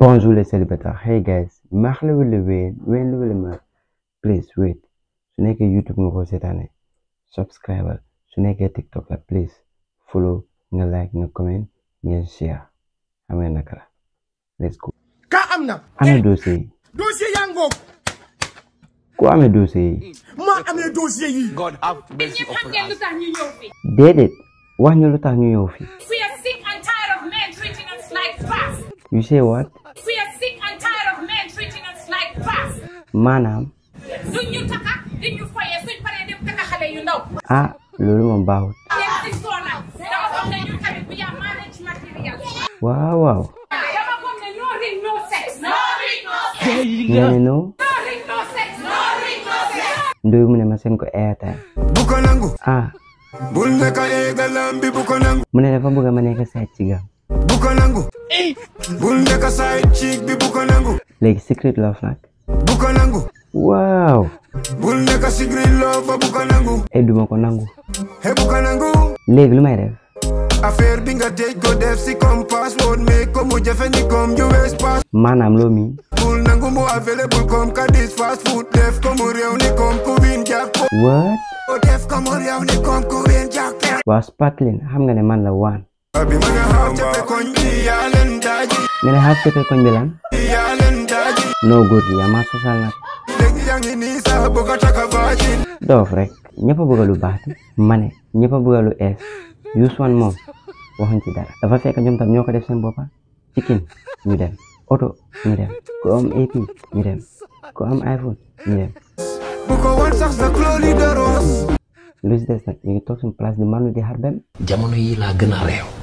Bonjour les célibataires. Hey guys, mag la willen weer, ween la willen maar. Please wait. Su nekkee YouTube nga ko seetaane, subscriber. Su nekkee TikTok la, please follow, nga like, nga comment, nga share. Xam nga naka la. Let's go. Ka am na. dossier Dossier Yango. ngoog. Ku amee dossier yi. Maa amee dossier yi. God have mercy upon us. Déedéet. Wax ñu lu tax ñu ñëw fii. We are sick and tired of men treating us like trash. You say what? maanaam duñu takka diñu foye suñu paré dem takka xalé yu ndaw ah loolu moom baaw Wow, wow. nee no ndoy mu ne ma seen ko airtime bu ko nangu ah bul nekk eegalam bi bu ko nangu mu ne dafa bëgg ma nekk side chick am bu ko nangu eh. bul nekk side bi nangu secret love buka nangu wow bulneka sigri fa buka nangu e eh, duma ko nangu he eh, buka nangu léegi may def affaire bi nga tej ko def si comme password mais comme mu jafe ni comme US pass maanaam loo mi bul nangu mu available ka dis fast food def ko mu réew comme ku win jackpot what o def ko mu réew ni comme ku win jackpot waa Spatlin xam nga ne man la waan abi ma nga xaw tepe koñ bi yaa leen daaji nga ne xaw tepe koñ nogurdia ya, maso sallah ɗo frek ñepa bugalu bahti mane Mana? Nyapa es yuswan mom waxuñ ci dara dafa fekk ñoom tam ñoo ko def seen boppa cikin ñu dem oto ñu dem ku ap ñu dem iphone ñu dem lu si des nag ñu ngi toog suñu place di manu di xar benn jamono